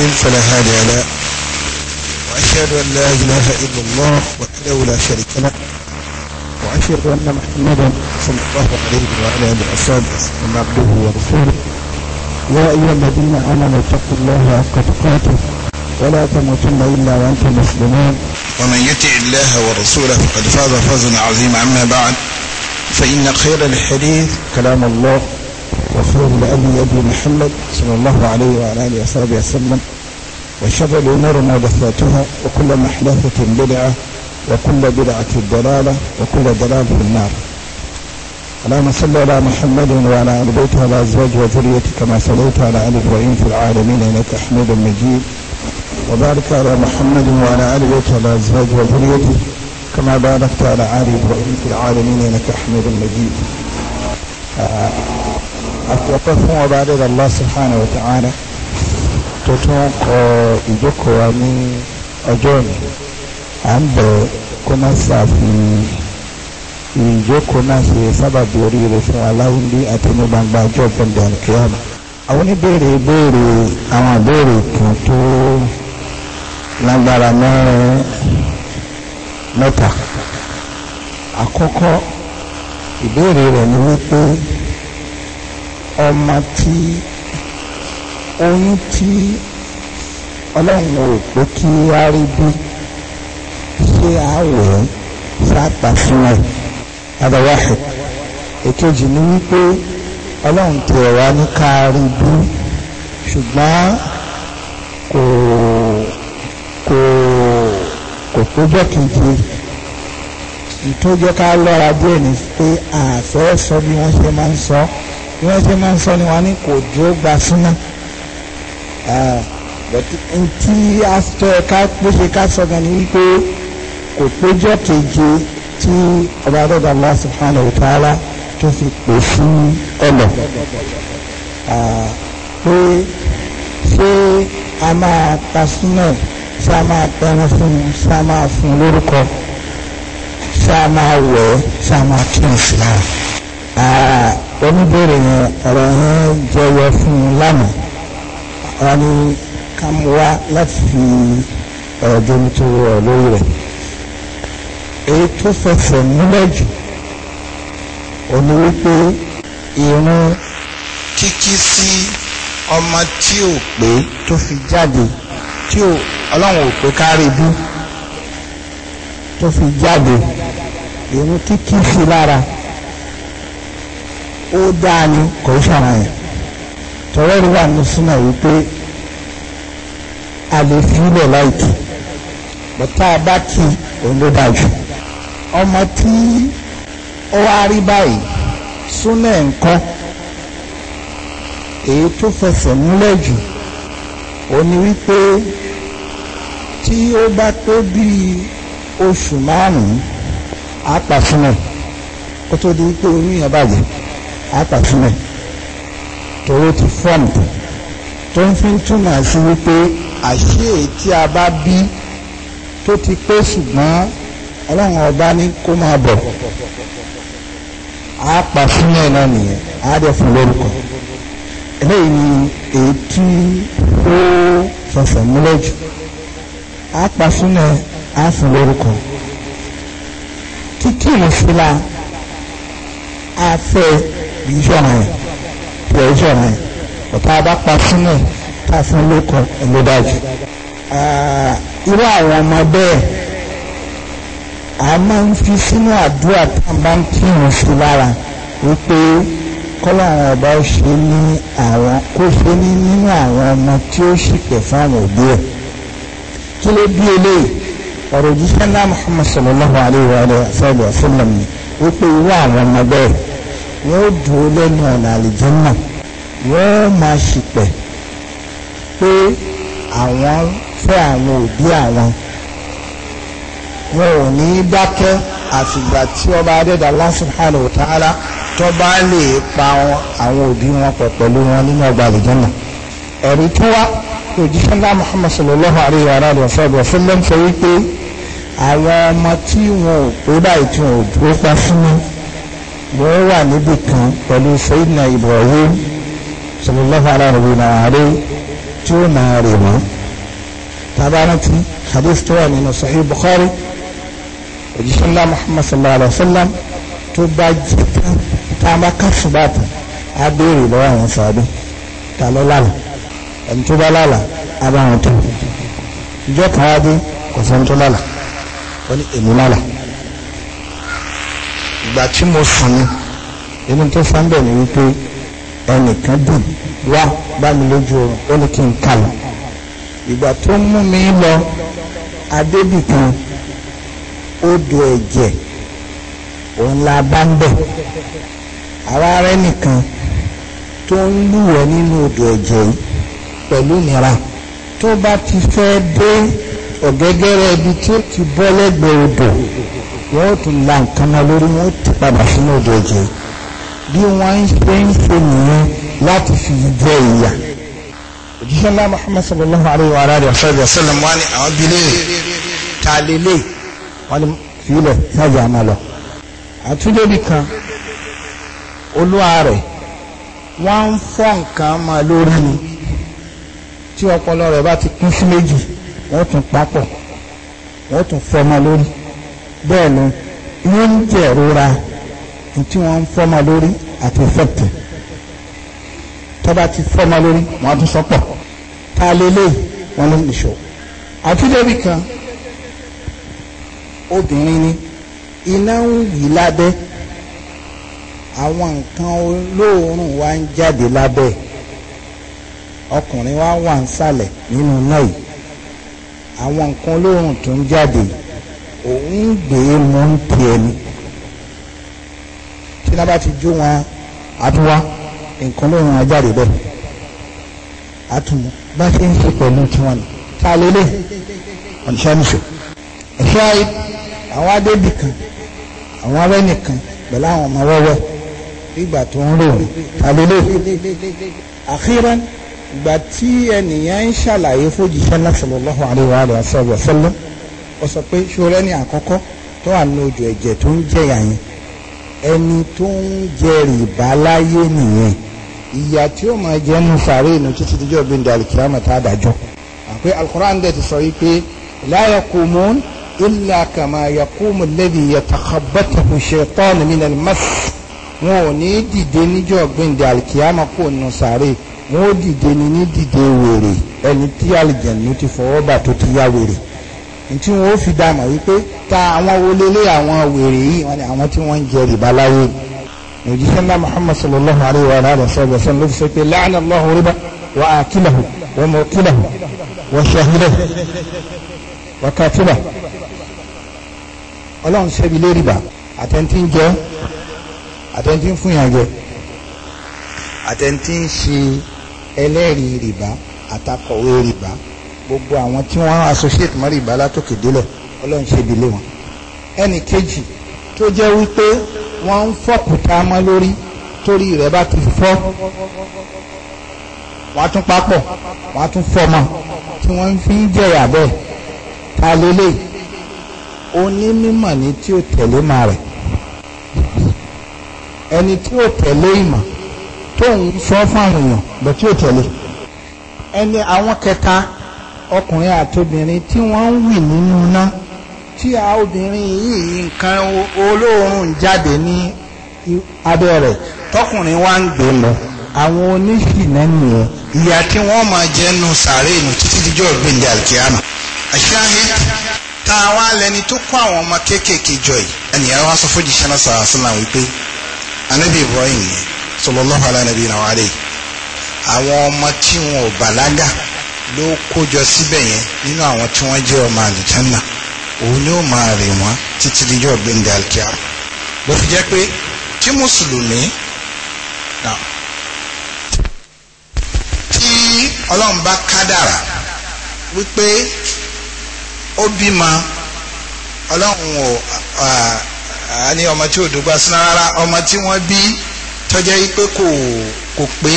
يضلل فلا هادي له وأشهد أن لا إله إلا الله وحده لا شريك له وأشهد أن محمدا صلى الله عليه وعلى آله وسلم عبده ورسوله يا أيها الذين آمنوا اتقوا الله حق تقاته ولا تموتن إلا وأنتم مسلمون ومن يطع الله ورسوله فقد فاز فوزا عظيما أما بعد فإن خير الحديث كلام الله وخير لأبي أبي محمد صلى الله عليه وعلى آله وصحبه وسلم وشر الأمور محدثاتها وكل محدثة بدعة وكل بدعة ضلالة وكل ضلالة في النار اللهم صل على محمد وعلى آل بيته وعلى أزواجه وذريته كما صليت على آل إبراهيم في العالمين إنك حميد مجيد وبارك على محمد وعلى آل بيته وعلى أزواجه وذريته كما باركت على آل إبراهيم في العالمين إنك حميد مجيد آه àfihàn fún ọba adéda Allah subhanahu wa ta'ala tó tún kọ ìjókòó wa ní ọjọ́ òní à ń bẹ̀ kó má ṣàfihàn ìjókòó náà ṣe sábàbí oríire fún aláwùndí àti ní gbangba ọjọ́ gbọ̀ndẹ̀ àkíyàmù. àwọn oníbèrè béèrè àwọn àbèrè kan tó lágbára mẹ́rin mẹ́ta àkọ́kọ́ ìbéèrè rẹ̀ ni wípé ọmọ tí oyún tí ọlọ́run ò pé kí wá rí bí ṣé àwẹ̀ sápa fún ẹ̀ adáwáhẹ̀ èkejì ni wípé ọlọ́run ti ẹ̀wá ní ká rí bí ṣùgbọ́n kò kò kò tó jẹ́ kejì ìtọ́jọ́ ká lọ́ra díẹ̀ ni pé àfẹ́ sọ bí wọ́n ṣe máa ń sọ. So bí wọ́n ṣe máa ń sọ ni wọ́n á ní kò jó gba súná ntí asọ ká péye ká sọ gan ni wípé kò péjọ keje tí ọba adọ́gba Allah subhanahu wa ta'ala tó fi pè fún ọlọ pé ṣé a máa pa súná ṣé a máa pẹran fún un ṣé a máa fún un lórúkọ ṣé a máa wẹ̀ ẹ́ ṣé a máa kí n sí lára oníbèrè yẹn ọ̀rọ̀ yẹn jẹyọ fún un lánàá wọn ni ká mú wá láti fi ọ̀rọ̀ jomi tó rọ̀ lórí rẹ̀ èyí tó fẹsẹ̀ múlẹ̀ jù òní wípé ìrun kíkí sí ọmọ tí ò pé tó fi jáde tí ò ọlọ́run ò pé kárí bú tó fi jáde ìrun kíkí sí lára ó dáa ni kò ń ṣàràyàn tọrọ rí wà ní súnà wípé a lè fi ilẹ̀ láìkì bọ́tá a bá kí òun ló dáa jù ọmọ tí ó wá rí báyìí súnà nǹkan èyí tó fẹsẹ̀ múlẹ̀ jù ó wípé tí ó bá tó bíi oṣù márùn-ún á pa súnà kó tó di wípé oyún yẹn bàjẹ́ àpàfilẹ̀ torí ti fọ́ǹtì tó ń fi túmọ̀ sí wípé àṣé tí a bá bí tó ti pé ṣùgbọ́n ọlọ́run ọba ní kó máa bọ̀ a pa sílẹ̀ náà nìyẹn á dẹ̀ fún lórúkọ eléyìí ni èyí tí ó fẹsẹ̀ múlẹ̀ jù á pa sílẹ̀ á fún lórúkọ títí ìlú fúlà á iṣẹ́ ọ̀nà yẹn tí ẹ̀ iṣẹ́ ọ̀nà yẹn ọ̀tá bá pa sínú tá a fún lóko ẹ̀ló dájú. Ah, irú àwọn ọmọ bẹ́ẹ̀ a máa ń fi sínú àdúrà tá a bá ń kírun sí lára wípé kọ́láwọn ọba ó ṣe ní àwọn kó ṣe ní nínú àwọn ọmọ tí ó ṣìpẹ̀ fún àwọn òbí ẹ̀ kí ló bí eléyìí ọ̀rọ̀ òjíṣẹ́ ńlá Muhammad sallallahu alayhi wa sallam ni wípé irú àwọn ọmọ bẹ́ẹ̀ yóò dúró lẹ́nu ọ̀nà àlìjẹ́nà yóò máa ṣìpẹ̀ pé àwọn fẹ́ àwọn òbí àwọn wọn ò ní dákẹ́ àfìgbà tí ọba adẹ́dà Allah subhanahu wa ta'ala tó bá lè pa àwọn òbí wọn pọ̀ pẹ̀lú wọn nínú ọgbà àlìjẹ́nà ẹ̀rí tó wá òjíṣẹ́ ńlá Muhammad sallallahu alayhi wa alayhi wa sallam fún lẹ́ńfẹ̀ wípé àwọn ọmọ tí wọn ò pé báyìí tí wọn ò dúró pa fún mi wọ́n wà níbì kan pẹ̀lú sayidina Ibrahim sallallahu alayhi wa alayhi tí ó máa rè wọ́n tabarantí hadith tó wà nínú Sahih Bukhari òjíṣẹ́ ńlá Muhammad sallallahu alayhi wa sallam tó bá jí tán tá a bá kásù bàtà á béèrè lọ́wọ́ àwọn sàbẹ̀ ta ló lálà ẹni tó bá lálà á bá wọn tó ìjọ kan á dé kò sẹ́ni tó lálà ó ní èmi lálà ìgbà tí mo sùn ni inú tó fa ń bẹ̀ ni wípé ẹnìkan dùn wá bá mi lójú oorun ó ní kí n kà lọ ìgbà tó mú mi lọ adébìkan odò ẹ̀jẹ̀ òun la bá ń bẹ̀ ara rẹ nìkan tó ń lúwẹ̀ nínú odò ẹ̀jẹ̀ yìí pẹ̀lú ìnira tó bá ti fẹ́ dé ọ̀gẹ́gẹ́rẹ́ ibi tí ó ti bọ́ lẹ́gbẹ̀ẹ́ odò wọ́n ó tún la nǹkan náà lórí wọn ó ti padà sínú odò ẹ̀jẹ̀ bí wọ́n ń ṣe ń ṣe nìyẹn láti fi jẹ ìyà. òjíṣẹ́ ńlá Muhammad sallallahu alayhi wa alayhi wa sallam wá ní àwọn bíi léèrè ta lélẹ̀ wọ́n ní fílẹ̀ sájà máa lọ. àtúndébì kan olúwa wọ́n ń fọ́ nǹkan máa lórí ni tí ọpọlọ rẹ̀ bá ti kún sí méjì wọ́n tún papọ̀ wọ́n tún fọmọ lórí bẹ́ẹ̀ ló wọ́n ń jẹ́ ìrora tí wọ́n ń fọmọ lórí àti fẹ́tẹ̀ tọ́ba ti fọmọ lórí wọ́n tún sọ́pọ̀ tá a lè lè wọ́n ló ń nìṣó àti débi kan obìnrin ni iná ń wì lábẹ́ àwọn nǹkan olóòórùn wa ń jáde lábẹ́ ọkùnrin wa wà ń sàlẹ̀ nínú náà yìí àwọn nǹkan olóòrùn tó ń jáde òun gbé mú ń pè é ní tí náà bá ti jó wọn àtúwá nǹkan olóòrùn á jáde bẹ́ẹ̀ àtúmù bá ṣe ń ṣe pẹ̀lú tiwọn ni ta lélẹ̀ ọ̀nṣẹ́nìṣò ẹ̀ṣọ́ àwọn adébì kan àwọn abẹ́nìkan pẹ̀lú àwọn ọmọ wẹ́wẹ́ nígbà tó ń rò ta lélẹ̀ àkírán ìgbà tí ẹnìyàn ń ṣàlàyé fójìṣẹ́ náà sallallahu alaihi wa sallam ọ̀sọ́lọ́ ó sọ pé ṣòro ẹni àkọ́kọ́ tó wà ní ojú ẹ̀jẹ̀ tó ń jẹ̀yà yẹn ẹni tó ń jẹ rìbá láyé nìyẹn ìyà tí ó máa jẹ́ nu sàárè nù títí díjọ́ bí ndàlì kìlámà tá a dájọ́ àpé alukoran dẹ̀ ti sọ yìí pé la yaqumun illa kama yaqumu alladhi yatakhabbathu shaytanu minal mas wọn wọn ó dìde ni ní dìde wèrè ẹni tí àlìjẹ̀nu ti fọwọ́ bà tó ti yá wèrè tí wọn ó fi dàmọ̀ wípé ta àwọn wọlélé àwọn wèrè yìí wọn ni àwọn tí wọ́n ń jẹ rìbá láyé òjíṣẹ́ ńlá muhammad sallallahu alayhi wa alayhi wa sallam sallam ló fi sọ pé la'ana allahu riba wa akilahu wa mukilahu wa shahilahu wa katilahu ọlọ́run ṣẹ́bi lé rìbá àtẹ̀ntì ń jẹ́ àtẹ̀ntì ń fún yàn jẹ́ àtẹ̀ntì ń ṣe ẹlẹ́rìí rìbá àtakọ̀wé rìbá gbogbo àwọn tí wọ́n associate mọ́ rìbá látòkè délẹ̀ ọlọ́run ṣe ibi lé wọn. ẹnì kejì tó jẹ́ wípé wọ́n ń fọ̀kùtà mọ́ lórí torí rẹ̀ bá ti fọ́ wọ́n á tún papọ̀ wọ́n á tún fọmọ tí wọ́n fi ń jẹ̀yà bẹ́ẹ̀ ta lélẹ̀ onímọ̀ ni tí ó tẹ̀lé máa rẹ̀ ẹni tí ó tẹ̀lé ìmọ̀ tóun sọ fún àwọn èèyàn bẹ̀ tí ó tẹ̀lé ẹni àwọn kẹta ọkùnrin àtobìnrin tí wọ́n ń wì nínú iná tí a obìnrin yìí nǹkan olóòórùn jáde ní abẹ́ rẹ̀ tọkùnrin wa ń gbé lọ àwọn oníṣìnà nìyẹn ìyà tí wọ́n máa jẹ́ nu sàárè nù títí díjọ́ gbẹ̀ndẹ̀ alkiyama àṣàhìn tá a wá lẹni tó kó àwọn ọmọ kéékèèké jọ yìí ẹnìyàwó aṣọ fojì ṣẹlẹ sàásìlà wípé anábì Ibrahim yẹn sallallahu ala nabiyina wa alayhi àwọn ọmọ tí wọn ò bàlágà ló kójọ síbẹ̀ yẹn nínú àwọn tí wọ́n jẹ́ ọmọ àlùjánà òun ni ó máa rè wọ́n títí díjọ́ gbẹ̀ndẹ̀ àlùkíá bó fi jẹ́ pé tí mùsùlùmí tí ọlọ́run kádàrà wípé ó bímọ ọlọ́run ò ní ọmọ tí ò dùgbà sí rárá ọmọ tí wọ́n bí tọ́jẹ́ yìí pé kò kò pé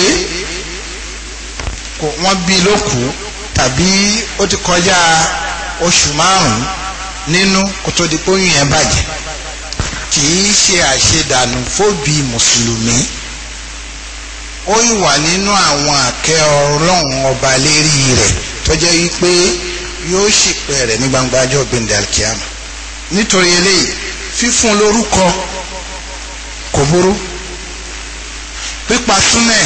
kò wọ́n bí lókù tàbí ó ti kọjá oṣù márùn-ún nínú kó tó di pé oyún yẹn bàjẹ́ kì í ṣe àṣedànù fóbi mùsùlùmí ó ìwà nínú àwọn àkẹ́ ọlọ́run ọba lérí rẹ̀ tọ́jẹ́ yìí yóò ṣìpẹ̀ rẹ̀ ní gbangba ajọ́ gbẹ̀ndẹ̀ alkiyama nítorí eléyìí fífún lórúkọ kò burú pípa súnẹ̀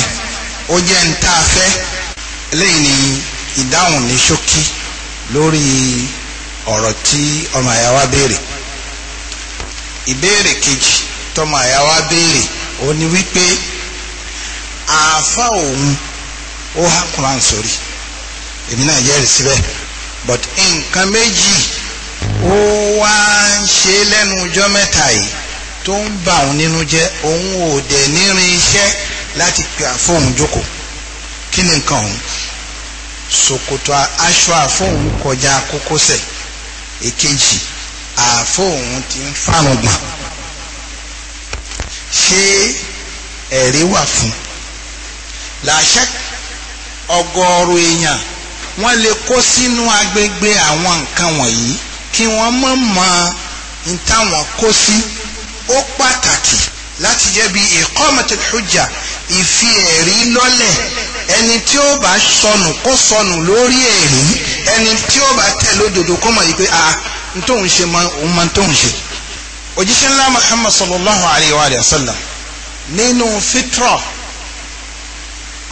ó jẹ́ ń tá a fẹ́ eléyìí ni ìdáhùn ní ṣókí lórí ọ̀rọ̀ tí ọmọ àyà wa béèrè ìbéèrè kejì tọmọ àyà béèrè ó ní wípé àáfà òun ó há Quran sórí èmi náà jẹ́rìí síbẹ̀ but nǹkan méjì ó wá ń ṣe lẹ́nu ọjọ́ mẹ́ta yìí tó ń bà òun nínú jẹ́ òun ò dẹ̀ nírin iṣẹ́ láti pè àfóhùn jókòó kí ni nǹkan ọ̀hún ṣòkòtò aṣọ àfóhùn kọjá kókósẹ̀ èkejì àfóhùn ti ń fárùngbọ̀n ṣé ẹ̀rí wà fún làṣẹ ọgọ́rù èèyàn wọ́n lè kó sínú agbègbè àwọn nǹkan wọ̀nyí kí wọ́n mọ̀ mọ́ ní táwọn kó sí ó pàtàkì láti jẹ́ bí iqamatul hujja ìfi ẹ̀rí lọ́lẹ̀ ẹni tí ó bá sọnù kó sọnù lórí ẹ̀rí ẹni tí ó bá tẹ̀ lódodo kó mọ̀ yìí pé a ah, n tó ń ṣe mọ òun mọ tó ń ṣe òjíṣẹ́ ńlá Muhammad sallallahu alayhi wa sallam nínú fitra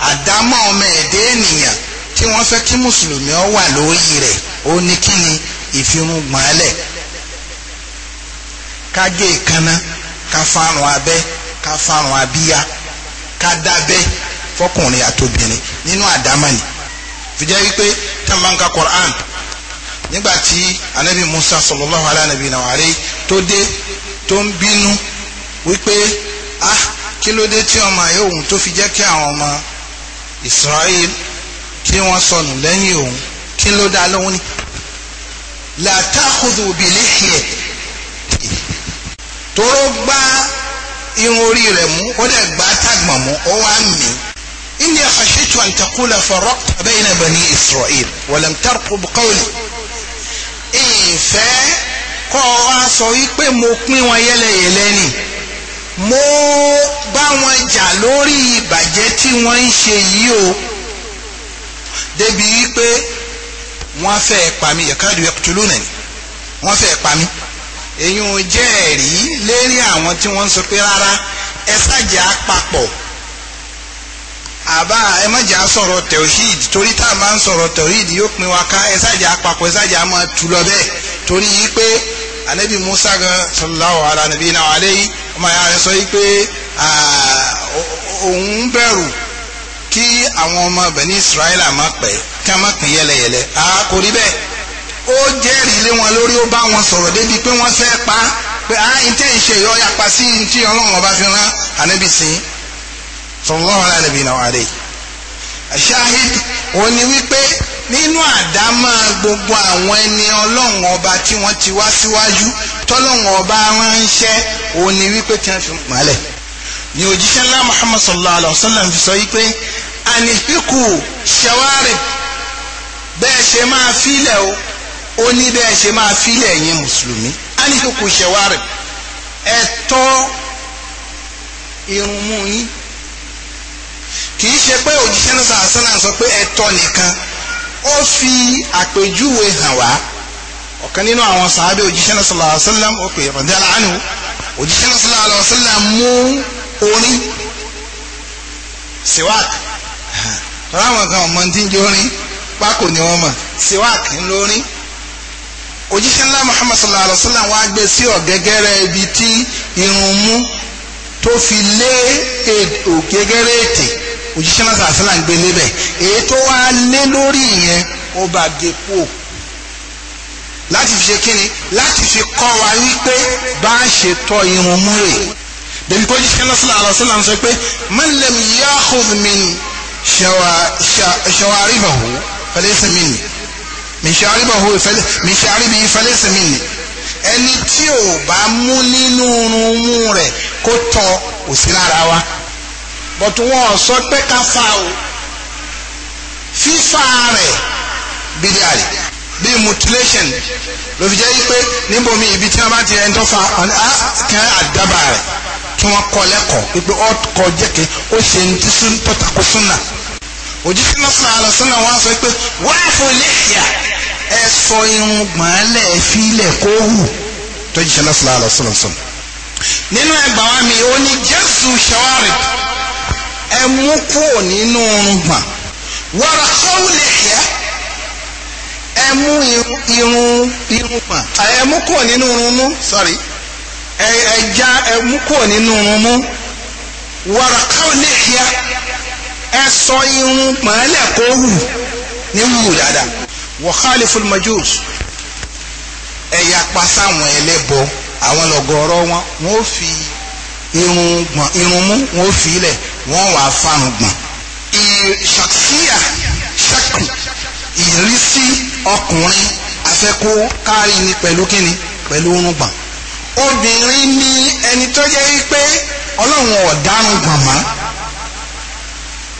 àdámọ́ ọmọ ẹ̀dẹ́ ènìyàn tí wọ́n fẹ́ kí mùsùlùmí ọ wà lórí rẹ̀ ó ní kí ni ìfirungbọ̀nlẹ̀ ká gé ìkaná ká farun abẹ́ ká farun abíyá ká dábẹ́ fọkùnrin àtobìnrin nínú àdámánì fi jẹ́ wípé tá a máa ń Quran nígbà anabi Musa sallallahu ala nabiyina wa alayhi tó dé tó ń bínú wípé ah kí ló dé tí ọmọ ayé òun tó fi jẹ́ kí àwọn ọmọ Israel kí wọ́n sọnù lẹ́yìn òun kí ló dá lóhun ni la ta'khudhu bi lihiyati gbá irun orí rẹ̀ mú ó dẹ̀ gbá tàgbọ̀n mú ó wá mì inni khashitu an taqula farraqta bayna bani isra'il wa lam tarqub qawli ìfẹ́ kọ́ wa sọ wípé mo pín wọn yẹ́lẹyẹ̀lẹ́ ni mo bá wọn jà lórí ìbàjẹ́ tí wọ́n ń ṣe yìí o débi wípé wọ́n fẹ́ pa mí yakadu yaqtulunani wọ́n fẹ́ pa mí èyí ò jẹ́ ẹ̀rí lérí àwọn tí wọ́n ń sọ pé rárá ẹ sájà papọ̀ àbá ẹ má jà sọ̀rọ̀ tẹ̀wíìd torí tá a máa ń sọ̀rọ̀ tẹ̀wíìd yóò pin wa ká ẹ sájà papọ̀ ẹ sájà máa tu lọ bẹ́ẹ̀ torí yìí pé anabi musa gan sallallahu ala nabi na alayhi ọmọ ya sọ yìí pé òun bẹ̀rù kí àwọn ọmọ bẹ̀ni israẹla má pẹ́ kí wọ́n má pín yẹlẹyẹlẹ àá bẹ́ẹ̀ ó jẹ́rìí lé wọn lórí ó bá wọn sọ̀rọ̀ débi pé wọ́n fẹ́ pa pé á ah, ìtẹ́ ìṣe yọ yapa sí ti ọlọ́run ọba fi rán ànábì sí sallallahu ànábì náà wà rẹ̀ ṣáhid òun ni wípé nínú àdámọ́ gbogbo àwọn ẹni ọlọ́run ọba tí wọ́n ti wá síwájú tọ́lọ́run ọba ránṣẹ́ òun ni wípé tí wọ́n fi mọ́lẹ̀ ni òjíṣẹ́ ńlá Muhammad sallallahu alaihi wasallam fi sọ wípé ànífíkù ṣẹwárẹ̀ bẹ́ẹ̀ ṣe máa fílẹ̀ o ó ní bẹ́ẹ̀ ṣe máa filẹ̀ ẹ̀yin mùsùlùmí ánìkókò ṣẹ̀wárẹ̀ ẹ tọ́ irun mú yín kì í ṣe pé òjíṣẹ́ náà sàásánà sọ pé ẹ tọ́ nìkan ó fi àpèjúwe hàn wá ọ̀kan nínú àwọn sàábẹ́ òjíṣẹ́ náà sallallahu alaihi wasallam ó pè é radiyallahu anhu òjíṣẹ́ náà sallallahu alaihi mú orin siwak tọ́lá àwọn kan ọmọ tí ń jẹ́ orin pákó ni wọ́n mọ̀ siwak ńlọrin òjíṣẹ́ ńlá muhammad sallallahu alaihi wa sallam wá gbé sí ọ̀gẹ́gẹ́rẹ́ ibi tí irun mú tó fi lé ògẹ́gẹ́rẹ́ ètè òjíṣẹ́ ńlá sallallahu alaihi wa sallam gbé lébẹ̀ èyí tó wá lé lórí ìyẹn ó bá gé láti fi ṣe kíni láti fi kọ́ wa wípé bá a ṣe tọ́ irun mú rè bẹ́ẹ̀ni kó jíṣẹ́ ńlá sallallahu alaihi wa sallam sọ pé man lam yakhudh min shawaribahu falaysa minni mi ṣàríbàhù mi ṣàríbì ìfẹlẹsẹ mi ni ẹni tí ò bá mú nínú irunmú rẹ̀ kó tọ òsì lára wa bọ̀tù wọn sọ pé ká fa o fífa rẹ̀ bídíà rẹ̀ bíi mutilation ló fi jẹ́ pé mi ibi tí wọ́n bá ti ẹni tó fa ah, kẹ́ àdábà rẹ̀ kí wọ́n kọ́ lẹ́kọ̀ọ́ wípé ó kọ́ jẹ́kẹ́ ó ṣe ní tí tó súnà òjísé náà sọ̀rọ̀ àlọ́ sọ́nà wọn sọ pé wáá fún lẹ́yà ẹ sọ irun gbọ̀nlẹ̀ fílẹ̀ kó hù tọ́jú sọlá sọlá àlọ́ sọlá sọlá. nínú ẹgbà wa mi ò ní jésù ṣọwárì ẹ mú kúrò nínú irun gbọ̀n wàrà kọ́wùlẹ̀ yẹ ẹ mú irun irun gbọ̀n ẹ mú kúrò nínú irun mú sorry ẹ ẹ já ẹ mú kúrò nínú irun mú wàrà kọ́wùlẹ̀ yẹ ẹ sọ irun gbọ̀nlẹ̀ kó hù ní wù dáadáa wọ̀kálífù majus ẹ̀yà pa sáwọn ẹlẹ́bọ àwọn lọ́gọ́rọ́ wọn wọ́n fi irun gbọ̀n irun mú wọ́n fi ilẹ̀ wọ́n wà fáwọn gbọ̀n. ìṣàkíyà ṣàkì ìrísí ọkùnrin afẹ́kó kárí ni pẹ̀lú kíni pẹ̀lú orungbọ̀n. obìnrin ni ẹni tó jẹ́ pé ọlọ́run ọ̀daràn gbọ̀n mọ́.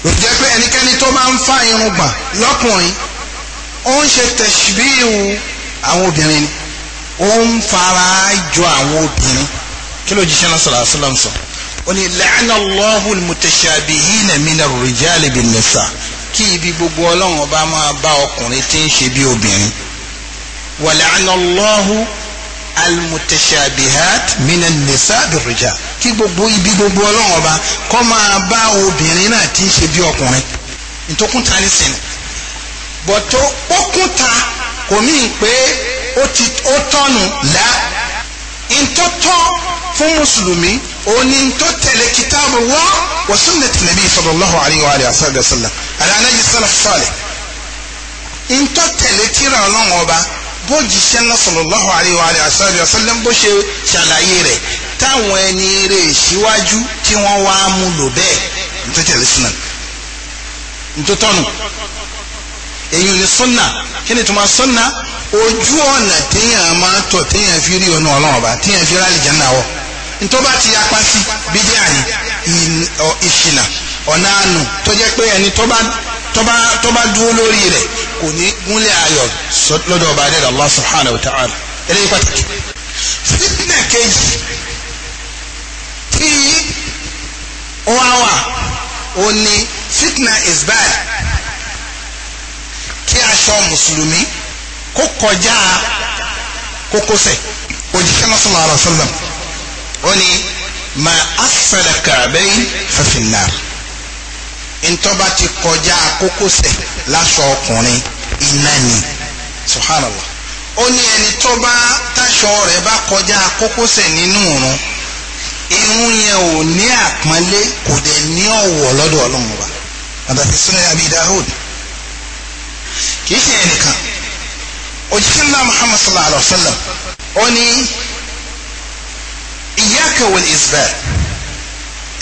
ló jẹ́ pé ẹnikẹ́ni tó máa ń fa irungbọ̀n lọ́kùnrin ó ń ṣe tẹ̀síbíhù àwọn obìnrin ó ń fara jọ àwọn obìnrin kí ló jíṣẹ́ náà sọ̀rọ̀ àṣìlọ́ sọ ó ní la'ana Allahu al-mutashabihina mina ar-rijali bin-nisa kí ibi gbogbo ọlọ́run ọba máa bá ọkùnrin tí ń ṣe bí obìnrin wa la'ana Allahu al mina nisa bir kí gbogbo ibi gbogbo ọlọ́run ọba kọ́ máa bá obìnrin náà tí ń ṣe bí ọkùnrin ìtòkùntà ní sinmi bọ̀tọ́ ókúta kò mí pé ó tọ́nu lá ntọ́tọ́ fún mùsùlùmí òní ntọ́ tẹ̀lé kìtàbù wọ́ wa sunnati nabi sallallahu alayhi wa alihi wa sallam alanayi salaf salih ntọ́ tẹ̀lé tírà ọlọ́run ọba bó jíṣẹ́ náà sallallahu alayhi wa alihi wa sallam bó ṣe ṣàlàyé rẹ̀ táwọn ẹni rẹ̀ síwájú tí wọ́n wá mú lò bẹ́ẹ̀ ntọ́ tẹ̀lé sunan ntọ́tọ́nu èyí ni sunna kí ni tuma sunna ojú ọ̀nà téèyàn máa tọ̀ téèyàn fi rí ọ̀nà ọlọ́run ọba téèyàn fi rí àlìjáná wọ̀ ntọ́ba ti yapa sí bídíà ni ìṣìnà ọ̀nà àánú tó jẹ́ pé ẹni tọ́ba dúró lórí rẹ̀ kò ní gúnlẹ̀ ayọ̀ lọ́dọ̀ ọba adẹ́dàá Allah subhanahu wa ta'ala eléyìí pàtàkì. fitna kejì tí ó wá wà ó ní fitna is bad aṣọ mùsùlùmí kó kọjá kókósẹ̀ òjíṣẹ́ náà sallallahu alaihi ó ní ma asfala ka'bayn fa fin-nar ntọ́ba ti kọjá kókósẹ̀ láṣọ ọkùnrin iná ni subhanallah ó ní ẹni tó bá táṣọ rẹ̀ bá kọjá kókósẹ̀ nínú òrun irun yẹn ò ní àpọ́nlé kò dẹ̀ ní ọ̀wọ̀ lọ́dọ̀ ọlọ́run wa àdàtí sunan kìí ṣe ẹnìkan òjíṣẹ́ ńlá muhammad sallallahu alayhi wa sallam ó ní iyyaka wal isbal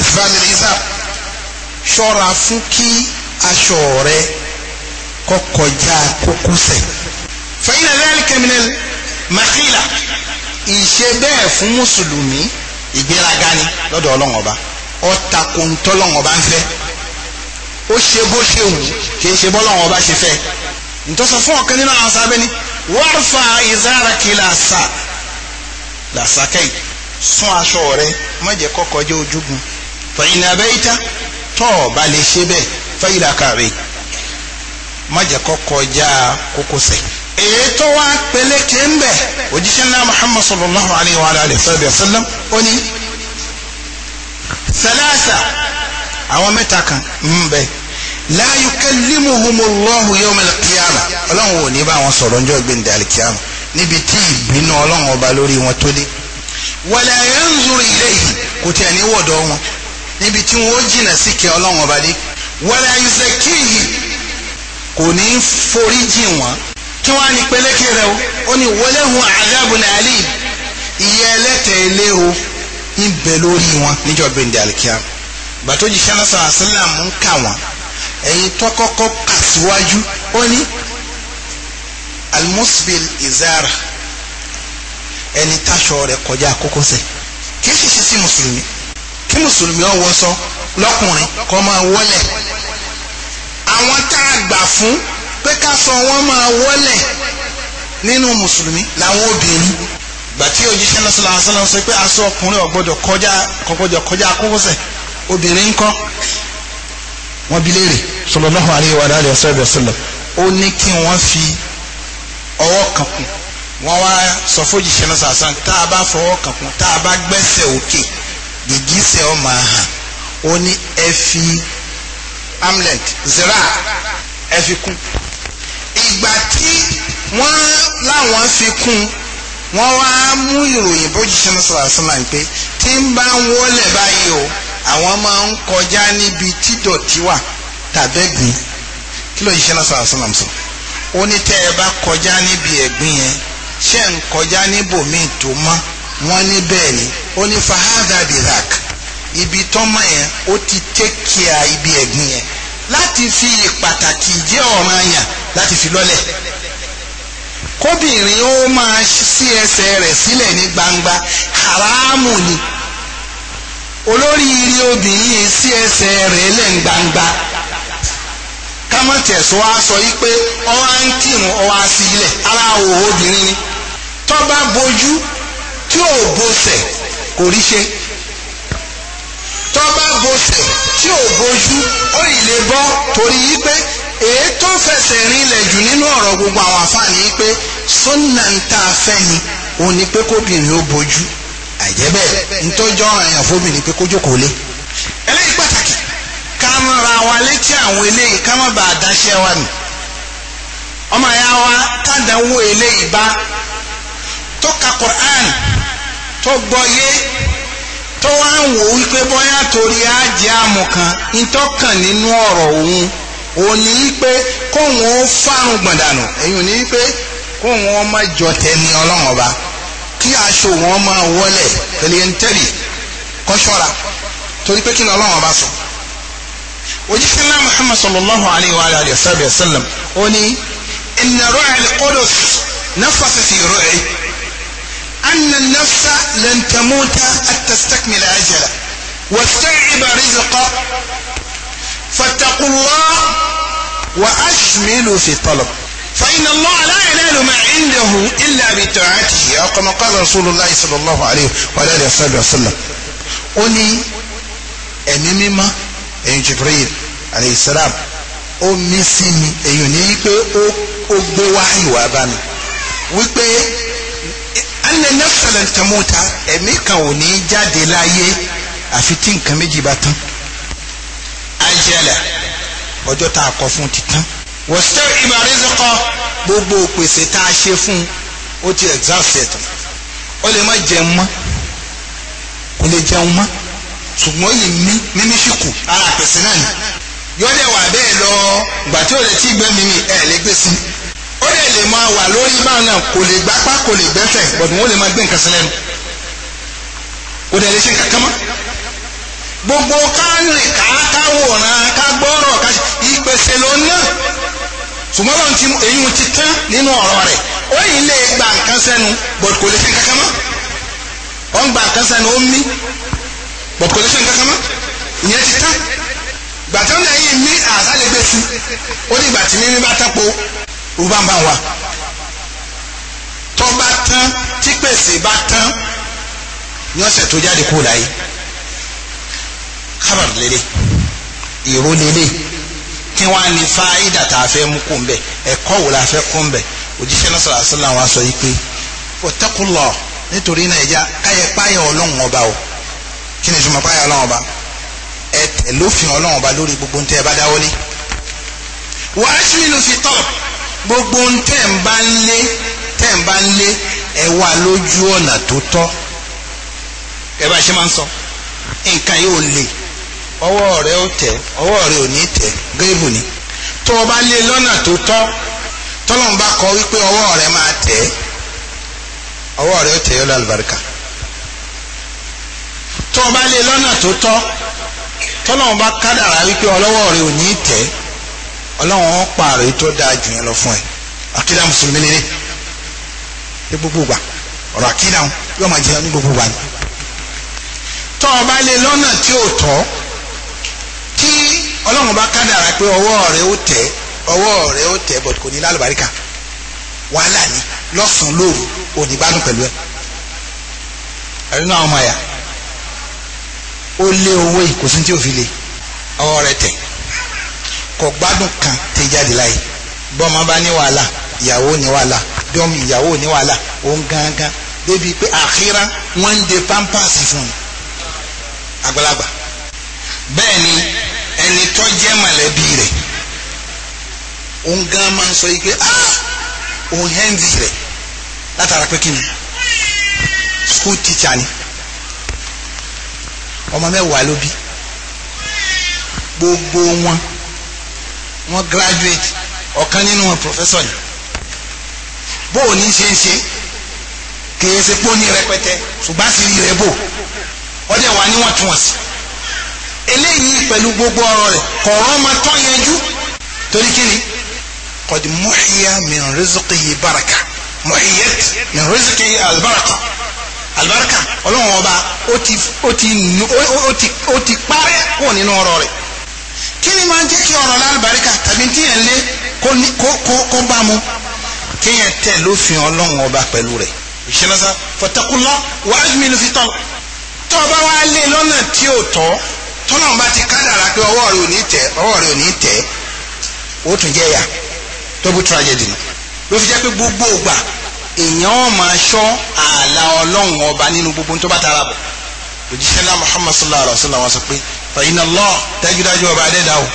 isbal lil izar ṣọ́ra fún kí aṣọ rẹ kó kọjá kókósẹ̀ fa inna dhalika min al makhila ìṣe bẹ́ẹ̀ fún mùsùlùmí ìgbéraga ni lọ́dọ̀ ọlọ́run ọba ọ̀tà ń fẹ́ ó ṣe bó ṣe wù kì í ṣe bọ́lọ́run ọba ṣe fẹ́ ntọ́sọ fún ọ̀kan nínú àwọn sábẹ́ ni wárfà ìzárakì làṣà làṣàkẹ́yì sún aṣọ rẹ má jẹ́ kó kọjá ojúgun fàyìn abẹ́yìíta tọ́ ọ bá lè ṣe bẹ́ẹ̀ fàyìn àkàrẹ́ má jẹ́ kó kókósẹ̀. ètò wa peléke ń bẹ̀ òjíṣẹ́ ńlá muhammad sallallahu alayhi wa alayhi wa sallam ó ní sàlásà àwọn mẹ́ta kan ń bẹ́ẹ̀ la yukallimuhumullahu yawmal qiyamah ọlọ́run ò ní bá wọn sọ̀rọ̀ ńjọ́ gbẹ̀ǹdẹ̀ alikiyama níbi tí ìbínú ọlọ́run ọba lórí wọn tó dé wala yanzuru ilayhi kò tí a ní wọ̀dọ̀ wọn níbi tí wọn ó jìnà sí kẹ ọlọ́run ọba dé wala yuzakkihi kò ní forí jìn wọn kí wọ́n á ní peléke rẹ o ó ní walahum adhabun alim ìyẹ́ ẹlẹ́tẹ̀ ilé o ń bẹ lórí wọn níjọ́ gbẹ̀ǹdẹ̀ alikiyama gbàtó jíṣẹ́ náà ń kà wọ́n ẹ̀yin tó kọ́kọ́ kà síwájú ó ní almusbil izara ẹni táṣọ rẹ̀ kọjá kókósẹ̀ kì í ṣiṣẹ́ sí mùsùlùmí kí mùsùlùmí ọwọ́ sọ lọ́kùnrin kọ́ máa wọlé àwọn tá a gbà fún pé ká sọ wọ́n máa wọlé nínú mùsùlùmí làwọn obìnrin gbàtí òjíṣẹ́ náà sọ̀rọ̀ àṣọ náà sọ pé aṣọ ọkùnrin ò gbọ́dọ̀ kọjá kò kọjá kókósẹ̀ obìnrin ńkọ́ wọ́n bi léèrè sallallahu alaihi wa alihi wasallam ó ní kí wọ́n fi ọwọ́ kan kún wọ́n wá sọ fójìṣẹ́ náà sàṣán tá a bá fọwọ́ kan kún tá a bá gbẹ́sẹ̀ òkè gègísẹ̀ ọmọ àhàn ó ní ẹ fi amlet zera ẹ fi kún ìgbà tí wọ́n láwọn fi kún wọ́n wá mú ìròyìn bójìṣẹ́ náà sàṣán náà pé tí ń bá ń wọlé báyìí o àwọn máa ń kọjá níbi tí dọ̀tí wà tàbẹ́gbìn kí ló yìí ṣe náà sọ̀rọ̀ sọ̀rọ̀ sọ̀rọ̀ ó ní tẹ́ ẹ bá kọjá níbi ẹ̀gbìn yẹn ṣé ń kọjá níbòmíì tó mọ́ wọ́n ní bẹ́ẹ̀ ni ó ní fahadà birak ibi tọ́mọ̀ yẹn ó ti tẹ́kíà ibi ẹ̀gbìn yẹn láti fi pàtàkì jẹ́ ọ̀ràn yàn láti fi lọ́lẹ̀ kóbìnrin ó máa ṣí ẹsẹ̀ rẹ̀ sílẹ̀ ní gbangba haramu ni olórí irí obìnrin sí ẹsẹ̀ rẹ̀ lẹ́n gbangba kámọ́tẹ̀sọ wa sọ yí pé ọwá ń kírun ọwá sí ilẹ̀ ara òhò obìnrin ni tó bá bojú tí ò bosẹ̀ kò rí ṣe tó bá bosẹ̀ tí ò bojú ó ì lè bọ́ torí yí pé èyí tó fẹsẹ̀ rinlẹ̀ jù nínú ọ̀rọ̀ gbogbo àwọn àfààní yí pé sọ́nà ń ta afẹ́ ni òun ni pé kóbìnrin ó bojú. àìjẹ́ bẹ́ẹ̀ ntọ́jọ́ àyàn fóbìnrin pé kó jókòó lé. eléyìí pàtàkì ká má ra wa létí àwọn eléyìí ká dáṣẹ́ wa nù ọmọ ya wa tádàwó eléyìí bá tó ka Qur'an tó gbọ́ yé tó wá ń wò wípé bóyá torí ajẹ́ amọ̀kan ntọ́kàn nínú ọ̀rọ̀ òun òun ní wípé kóun ó fárùn gbọ̀ndànù èyí ò ní wípé kóun ó má jọ ọlọ́run kí aṣọ wọn máa wọlẹ̀ ẹlẹ́ntẹ́lì kọ́ṣọ́ra torí pé kí ni ọlọ́run bá sọ. òjíṣẹ́ náà muhammad sallallahu alayhi wa alayhi wa sallam ó ní inna ruhi al-qudus nafasa fi ruhi anna nafsa lan tamuta hatta tastakmila ajala wa واستعب rizqa فاتقوا wa وأشملوا fi talab فإن الله لا ينال ما عنده إلا بطاعته أو كما قال رسول الله صلى الله عليه وعلى آله وصحبه وسلم ó ní ẹ̀mí mímọ́ ẹ̀yìn Jibril aleyhisselam ó mí sí mi èyàn ní wípé ó gbé wáyé wá bá mi wípé anna nafsalan tamuta ẹ̀mí kan ò ní jáde láyé àfi tí nǹkan méjì bá tán ajala ọjọ́ tá a kọ fún ti tán wọ́sítẹ́ ìmàrísíkọ́ gbogbo òpèsè tá a ṣe fún un ó ti exhaust ẹ̀tọ́ ó lè má jẹun mọ́ kò lè jẹun mọ́ ṣùgbọ́n yìí ní mímí ṣìkù ara àpèsè náà ni yọ́dẹ̀ wà bẹ́ẹ̀ lọ gbà tí ò lè tí gbẹ́ mímí ẹ̀ lè gbé sí ó lè lè máa wà lórí máa náà kò lè gbápá kò lè gbẹ́fẹ̀ bọ̀dùn ó lè máa gbé nǹkan sí lẹ́nu kò dẹ̀ lè ṣe nǹkan kan mọ́ gbogbo ká rìn ká ká wòran ká gbọ́rọ̀ ká ìpèsè lónà ṣùgbọ́n lọ́n ti èyí ti tán nínú ọ̀rọ̀ rẹ̀ ó yìí lè gba nǹkan sẹ́nu bọ̀t kò lè ṣe nǹkan kan mọ́ ó ń gba nǹkan sẹ́nu ó ń mí bọ̀t kò lè ṣe nǹkan kan mọ́ ìyẹn ti tán gbàtọ́ náà yìí mí àṣà lè ó ní ìgbà mímí bá tán rúbáǹbá wa tó bá tán tí pèsè bá tán ní ọ̀sẹ̀ tó jáde kúrò láyé kábàrù lélẹ̀ ìró lélẹ̀ kí wọ́n á ní fáídà tá a fẹ́ mú kó ń bẹ̀ ẹ̀kọ́ wo la fẹ́ kó ń bẹ̀ òjíṣẹ́ náà sọ̀rọ̀ àṣọ làwọn aṣọ yìí pé òtẹ́kùlọ̀ nítorí náà ẹja káyẹ páyà ọlọ́run ọba o kí ni ìtumọ̀ páyà ọlọ́run ọba ẹ tẹ̀ lófin ọlọ́run ọba lórí gbogbo ntẹ́ ẹ bá dáwọ́ lé wà á sì nílò fi tọ̀ gbogbo ntẹ́ ń bá ń lé tẹ́ ń bá ń lé ẹ wà lójú ọ̀nà tó tọ́ ẹ bá ṣe máa ń sọ nǹkan yóò le. ọwọ́ rẹ ó tẹ̀ ọwọ́ rẹ ò ní ni tó o bá lé lọ́nà tó tọ́ tọ́lọ́n bá kọ wípé ọwọ́ rẹ máa tẹ ọwọ́ rẹ ó tẹ̀ yọ lálùbáríkà tó o bá lé lọ́nà tó tọ́ tọ́lọ́n bá kádàrá wípé ọlọ́wọ́ rẹ ò ní tẹ̀ ọlọ́wọ́n pààrọ̀ dáa jù yẹn lọ fún ẹ mùsùlùmí ní gbogbo gbà ọ̀rọ̀ yóò máa tí ọlọ́run bá kádàrà pé ọwọ́ rẹ ó tẹ̀ ọwọ́ rẹ ó tẹ̀ bọ̀dù kò ní lálùbáríkà wàhálà ni lọ́sàn-án lóru òní gbádùn pẹ̀lú ẹ̀ ẹ̀rí náà ọmọ àyà ó lé owó ìkòsí tí ò fi lè ọwọ́ rẹ tẹ̀ kò gbádùn kan tẹ̀ jáde láyé bọ́mọ bá ní wàhálà ìyàwó ní wàhálà dọ́mù ìyàwó ní wàhálà òun gangan débi pé àkírá wọ́n ń de pampers fún un àgbàlagbà bẹ́ẹ̀ ni ẹni tó jẹ́ mọ̀lẹ́bí rẹ̀ òun gan máa ń sọ yìí pé ah! òun hẹ́ndì rẹ̀ látara pé kí ni school teacher ni ọmọ mẹ́wàá ló bí gbogbo wọn wọn graduate ọ̀kan nínú wọn professor ni bó o ní ṣe ń ṣe kì í ṣe pé ó ní rẹpẹtẹ ṣùgbọ́n àṣírí rẹ bò ọdẹ wà níwọ̀ntúnwọ̀nsì eléyìí pẹ̀lú gbogbo ọ̀rọ̀ rẹ̀ kọ̀ọ̀rọ̀ ma tán yanjú torí kí ni qad muhiya min rizqihi baraka muhiyat min rizqihi albaraka albaraka ọlọ́run ọba ó ti ó ti ó ti ó ti parẹ́ kó nínú ọ̀rọ̀ rẹ̀ kí ni máa ń jẹ́ kí ọ̀rọ̀ lálùbáríkà tàbí tí yẹn lé kó kó kó bá mu kí yẹn tẹ̀ lófin ọlọ́run ọba pẹ̀lú rẹ̀ ìṣẹ́nasa fattaqullah wa ajmilu fi talab tó o bá wá lé lọ́nà tí ò tọ́ tọ́lọ́run bá ti kádàrà pé ọwọ́ rẹ̀ ò ní tẹ̀ ọwọ́ rẹ̀ ò ní tẹ̀ ó tún jẹ́ yà double tragedy ni ló fi jẹ́ pé gbogbo ògbà èèyàn máa ṣọ́ ààlà ọlọ́run ọba nínú gbogbo tó bá tara bọ̀ òjíṣẹ́ náà muhammad sallallahu alaihi wa sallam sọ pé fàyínà lọ dájúdájú ọba adẹ́dá o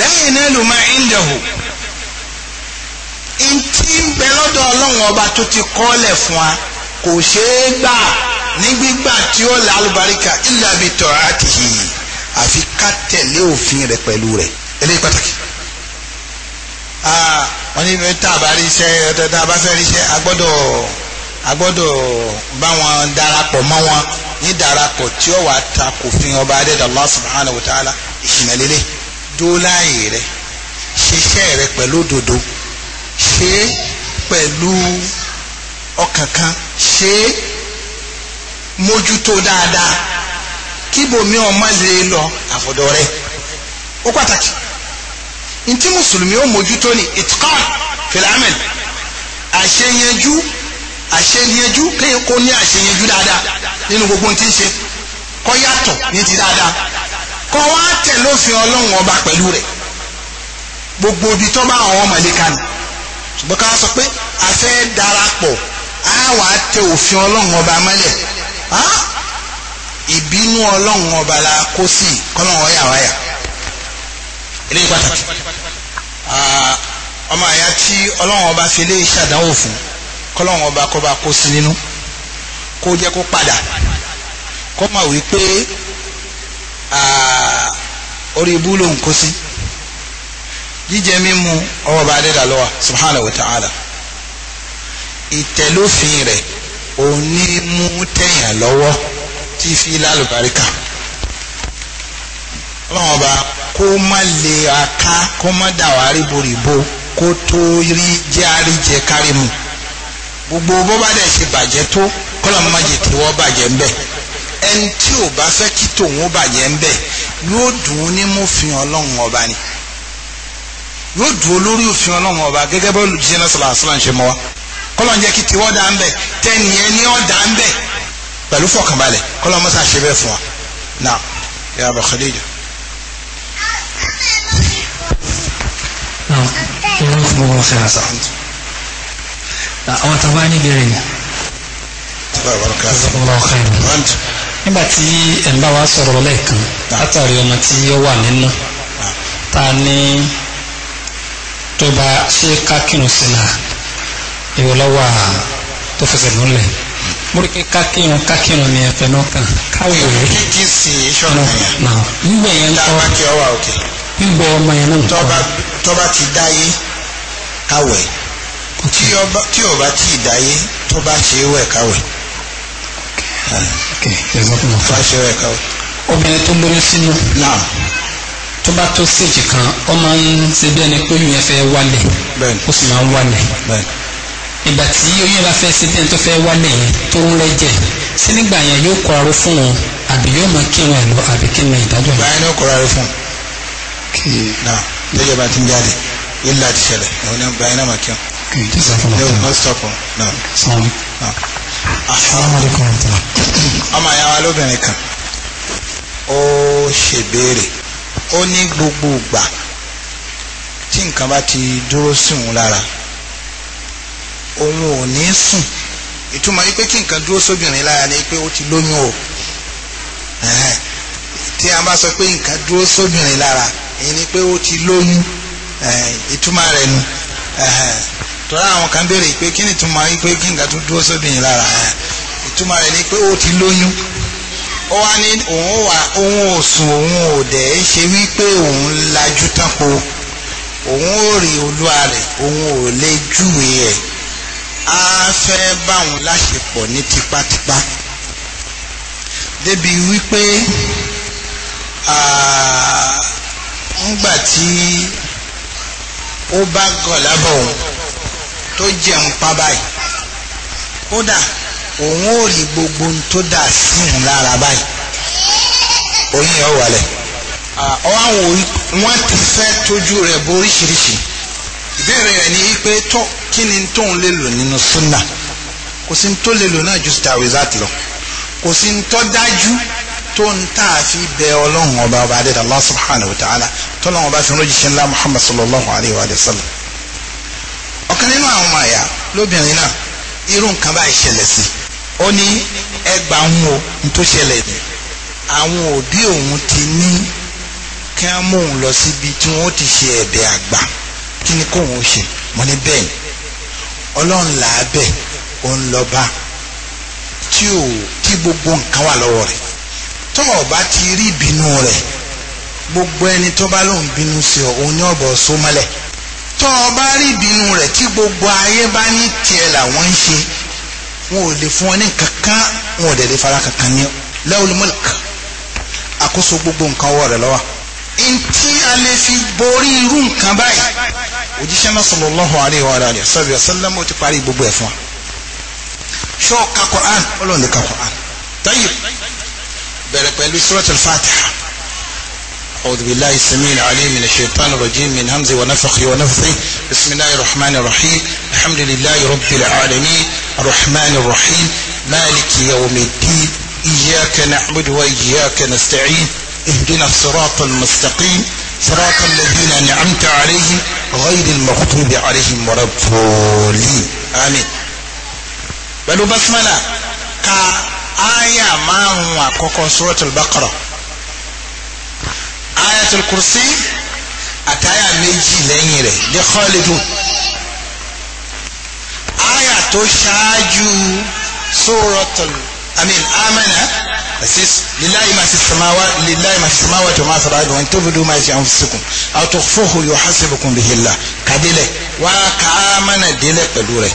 lẹ́yìn náà ló máa ń dẹ̀hù ntí ń bẹ lọ́dọ̀ ọlọ́run ọba tó ti kọ́lẹ̀ fún wa kò ṣeé gbà ní gbígbà tí ó là alùbáríkà ìlàbí tọ́ àtìyí àfi ká tẹ̀lé òfin rẹ̀ pẹ̀lú rẹ̀ eléyìí pàtàkì. wọ́n ní tá a bá rí iṣẹ́ tá a bá fẹ́ rí iṣẹ́ a gbọ́dọ̀ a gbọ́dọ̀ bá wọn darapọ̀ mọ́ wọn ní darapọ̀ tí ó wà ta kò fi ọba adéda Allah subhanahu wa ìṣìnà lélẹ̀ dóòláyè rẹ̀ ṣiṣẹ́ rẹ̀ pẹ̀lú òdodo ṣe pẹ̀lú ọkàn kan ṣe mójútó dáadáa kíbòmí ọmọ lè lọ àfọ̀dọ̀ rẹ̀ ó pàtàkì ntí mùsùlùmí ó mójútó ni itqan fil amal àṣeyanjú àṣeyanjú kéèyàn kó ní àṣeyanjú dáadáa nínú gbogbo tí ń ṣe kó yàtọ̀ ní ti dáadáa kó wá tẹ̀ lófin ọlọ́run ọba pẹ̀lú rẹ̀ gbogbo ibi tó bá àwọn ọmọ ìlẹ́ka ni ṣùgbọ́n ká sọ pé a fẹ́ darapọ̀ á wàá tẹ òfin ọlọ́run ọba mọ́lẹ̀ ìbínú ọlọ́run ọba la kó sí kọ́lọ́run ọ̀yà wáyà eléyìí pàtàkì ọmọ àyà tí ọlọ́run ọba fi lé ṣàdánwò fún kọ́lọ́run ọba kọ́ba kó sí nínú kó jẹ́ kó padà kó mà wípé orí ibú lòun kó sí jíjẹ mímu ọwọ́ bá dé dàlọ́wà subhanahu wa ta'ala ìtẹ̀lófin rẹ̀ òní mú tẹ̀yàn lọ́wọ́ tí fi lálùbáríkà ọlọ́run ọba kó má lè aká kó má dàwà ríboríbo kó tó rí jẹ́ àríjẹ kárí mu gbogbo bó bá dẹ̀ ṣe bàjẹ́ tó kọ́lọ́mù má jẹ tiwọ́ bàjẹ́ ńbẹ̀ ẹni tí ò bá fẹ́ kí tòun ó bàjẹ́ ńbẹ̀ yóò dùn ún ní mòfin ọlọ́run ọba ni yóò dùn ún lórí òfin ọlọ́run ọba gẹ́gẹ́ bó lùjíṣẹ́ náà sọ̀rọ̀ àṣọ náà ṣe mọ́ wa kọ́lọ́n jẹ́ kí tiwọ́ dà ńbẹ̀ tẹ́niyẹn ní ọ̀ dà ńbẹ̀ pẹ̀lú fọkànbalẹ̀ kọ́lọ́ mọ́sá ṣe bẹ́ẹ̀ fún wa náà yà bọ̀ Khadija. àwọn tó bá ní ìbéèrè ni nígbà tí ẹ̀ ń bá wa sọ̀rọ̀ lẹ́ẹ̀kan látàrí ọmọ tí ó wà nínú ta ní tó bá ṣe kákìrún sílá ìwọlọ́wà tó fẹsẹ̀ múlẹ̀ múrikẹ́ kákìrún kákìrún ni ẹ̀fẹ̀ náà kàn káwé rẹ̀. bbc sọ̀rọ̀ yẹn. nígbà yẹn ń kọ́ nígbà ọmọ yẹn náà ń kọ́. tọ́ba ti dáyé káwẹ̀ tí ọba tí ì dáyé tọ́ba ṣe é wẹ̀ káwẹ̀. tọ́ba ṣe é wẹ̀ obìnrin tó lóyún sínú. náà tó bá tó séèjì kan ó máa ń ṣe bí ẹni pé mi fẹ́ wálẹ̀ ó sì máa ń wálẹ̀ ìgbà tí oyún bá fẹ́ ṣe bí ẹni tó fẹ́ wálé yẹn tó ń lẹ́jẹ̀ sí nígbà yẹn yóò kọ aró fún wọn àbí yóò máa kí wọn lọ àbí kí ni ìdájọ́ yẹn. báyìí ni ó kọ aró fún kí náà lẹ́jẹ̀ bá ti ń jáde yìí láti ṣẹlẹ̀ òun náà báyìí náà máa kí wọn. kì í dísà fún ọkọ náà sọpọ náà. sọmi asalaamualeykum wa rahmatulah. ọmọ àyà wa lóbìnrin kan ó ṣèbéèrè ó ní gbogbo ìgbà tí nǹkan bá ti dúró sí òun lára òun ò ní sùn ìtumọ̀ yìí pé kí nǹkan dúró sóbìnrin lára ni pé ó ti lóyún o tí a bá sọ pé nǹkan dúró sóbìnrin lára èyí ni pé ó ti lóyún ìtumọ̀ rẹ̀ nu tọ́lá àwọn kan béèrè pé kí ni ìtumọ̀ yìí pé kí nǹkan tó dúró sóbìnrin lára ìtumọ̀ rẹ̀ ni pé ó ti lóyún ó wá ní òun wà òun ò sùn òun ò dẹ̀ ẹ́ ṣe wípé òun lajú tán po òun ò rí olúwa rẹ̀ òun ò lè júwe ẹ̀ á fẹ́ bá wọn láṣepọ̀ ní tipátipá débi wípé ńgbà tí ó bá gọ̀ lábọ̀ òun tó jẹun pa báyìí kódà òun ò rí gbogbo ohun tó dà sí òun lára báyìí oyún yẹn lẹ̀ wọ́n ti fẹ́ tójú rẹ̀ bó oríṣiríṣi ìbéèrè rẹ̀ ni pé tó kí ni tó ń lè lò nínú súnà kò sí tó lè lò náà ju tawizat lọ kò sí tó dájú tó ń tà fi bẹ ọlọ́run ọba ọba adé Allah subhanahu wa ta'ala tọ́lọ́run ọba fi ń rojì ńlá Muhammad sallallahu alayhi wa sallam ọ̀kan nínú àwọn ọmọ àyà lóbìnrin náà irú nǹkan bá ìṣẹ̀lẹ̀ sí ó ní ẹgbà ń wo ní tó ṣẹlẹ̀ ní àwọn òbí òun ti ní kí wọ́n mú òun lọ síbi tí wọ́n ti ṣe ẹ̀bẹ̀ àgbà kí ni kóun ó ṣe mo ní bẹ́ẹ̀ ni ọlọ́run là á bẹ̀ òun lọ bá tí ò tí gbogbo nǹkan wà lọ́wọ́ rẹ̀ tó o bá ti rí ìbínú rẹ̀ gbogbo ẹni tó bá lóun bínú sí ọ òun ní ọ̀bọ̀ sómọ́lẹ̀ tó o bá rí ìbínú rẹ̀ tí gbogbo ayé bá ní tiẹ̀ làwọn ń ṣe wọn ò lè fún ọ ní kankan wọn ò dẹ̀ lè fara kankan ní lawul àkóso gbogbo nǹkan ọwọ́ rẹ̀ lọ́wọ́ ntí a lè fi borí irú nǹkan báyìí òjíṣẹ́ náà sallallahu alaihi wa alihi wa sallam ó ti parí gbogbo ẹ̀ fún wa ṣó ka Qur'an ọlọ́run ní ka Qur'an tayyib bẹ̀rẹ̀ pẹ̀lú suratul Fatiha أعوذ بالله السميع العليم من الشيطان الرجيم من همزه ونفخه ونفثه بسم الله الرحمن الرحيم الحمد لله رب العالمين الرحمن الرحيم مالك يوم الدين إياك نعبد وإياك نستعين اهدنا الصراط المستقيم صراط الذين نعمت عليهم غير المغضوب عليهم ولا الضالين آمين pẹ̀lú basmala ka aya márùn-ún àkọ́kọ́ suratul baqara ayatul kursi àtàyà méjì lẹ́yìn rẹ̀ lè khalidun aya tó ṣáájú suratul baqara. أمين آمنا آمن أسيس لله ما في السماوات لله ما في السماوات وما في الأرض وإن تبدوا ما في أنفسكم أو تخفوه يحاسبكم به الله كدله وكآمن دله بلوره